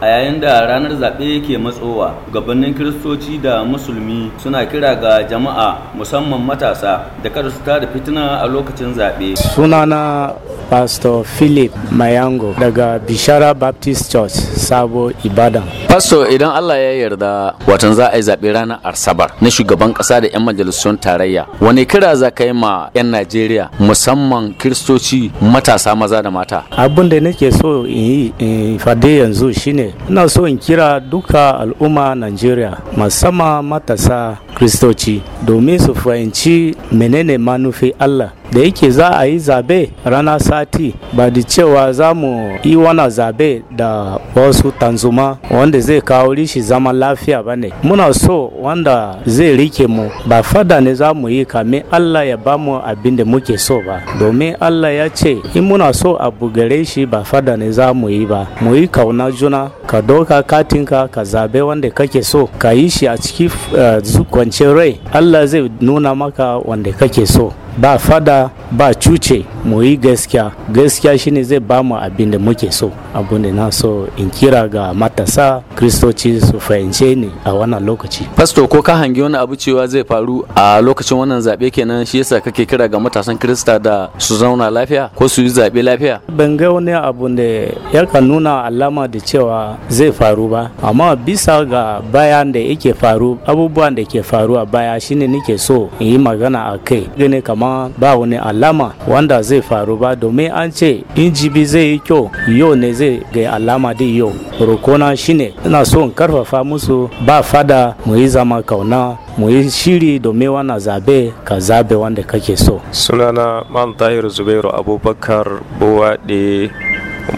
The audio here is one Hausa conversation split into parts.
a yayin da ranar zaɓe ke matsowa gabanin kiristoci da musulmi suna kira ga jama'a musamman matasa da kada su tada fitina a lokacin zaɓe sunana pastor philip mayango daga bishara baptist church sabo ibadan Fasto idan Allah ya yarda watan za a yi zaɓe ranar arsabar na shugaban ƙasa da 'yan majalisun tarayya. Wani kira za ka yi ma 'yan Najeriya musamman Kiristoci matasa maza da mata? Abin da nake so in yi fade yanzu shine ina so in kira duka al'umma Najeriya musamman matasa kristoci domin su fahimci menene manufi Allah da yake za a yi zabe rana sati ba da cewa za mu yi wana zabe da wasu tanzuma wanda zai kawo rishi zaman lafiya ba ne muna so wanda zai rike mu ba fada ne za mu yi kame allah ya ba mu abin da muke so ba domin allah ya ce in muna so a gare shi ba fada ne za mu yi ba mu yi kauna juna ka doka katinka ka zabe wanda kake so ka yi shi a cikin eh, kwanciyar rai allah zai nuna maka wanda kake so ba fada ba cuce mu yi gaskiya gaskiya shine zai ba mu abin da muke so abin da na so in kira ga matasa kristoci su fahimce ni a wannan lokaci pasto ko ka hangi wani abu cewa zai faru a lokacin wannan zaɓe kenan shi yasa kake kira ga matasan krista da su zauna lafiya ko su yi zaɓe lafiya ban ga wani abu da ya ka nuna alama da cewa zai faru ba amma bisa ga bayan da yake faru abubuwan da ke faru a baya shine nake so in yi magana a kai gane kamar amma ba wani alama wanda zai faru ba domin an ce injibi zai yi kyau yau ne zai ga alama da yau rokona shine ina so in karfafa musu ba fada mu yi zama kauna mu yi shiri domin wana zabe ka zabe wanda kake so sunana man tahir zubairu abubakar buwaɗe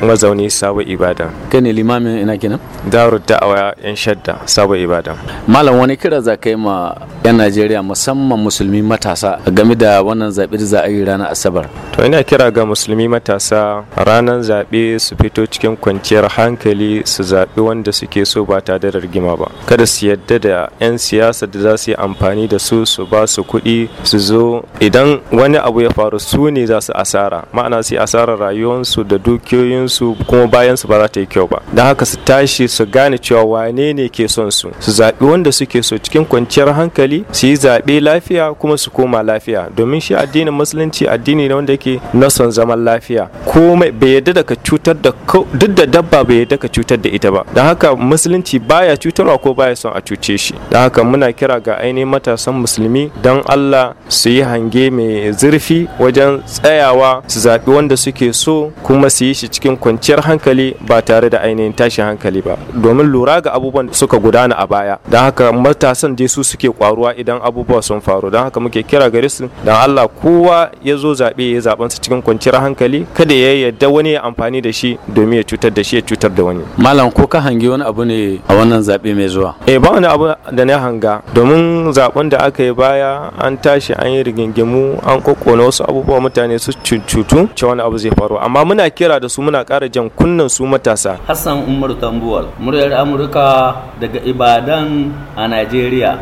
mazauni sabo ibada kai limamin ina kenan daru da'awa yan shadda sabo ibada malam wani kira za ka yi ma yan najeriya musamman musulmi matasa game da wannan zaɓe da za a yi ranar asabar to ina kira ga musulmi matasa ranar zaɓe su fito cikin kwanciyar hankali su zaɓi wanda suke so ba tare da rigima ba kada su yadda da 'yan siyasa da za su yi amfani da su su ba su kuɗi su zo idan wani abu ya faru su ne za su asara ma'ana su asarar rayuwarsu da dukiyoyinsu kuma bayansu ba za ta yi kyau ba don haka su tashi su gane cewa wane ne ke son su su zaɓi wanda suke so cikin kwanciyar hankali su yi zaɓe lafiya kuma su koma lafiya domin shi addinin musulunci addini ne wanda take na son zaman lafiya komai bai yadda da ka cutar da duk da dabba bai yadda ka cutar da ita ba don haka musulunci baya cutarwa ko baya son a cuce shi don haka muna kira ga ainihin matasan musulmi don Allah su yi hange mai zurfi wajen tsayawa su zaɓi wanda suke so kuma su yi shi cikin kwanciyar hankali ba tare da ainihin tashin hankali ba domin lura ga abubuwan da suka gudana a baya don haka matasan dai su suke kwaruwa idan abubuwa sun faru don haka muke kira gare su don Allah kowa ya zo zaɓe ya zaɓen su cikin kwanciyar hankali kada ya yadda wani ya amfani da shi domin ya cutar da shi ya cutar da wani malam ko ka hangi wani abu ne a wannan zaɓe mai zuwa eh ba wani abu da na hanga domin zaben da aka yi baya an tashi an yi rigingimu an kokona wasu abubuwa mutane su cutu ce wani abu zai faru amma muna kira da su muna ƙara jan kunnen su matasa hassan umar tambuwal muryar amurka daga ibadan a najeriya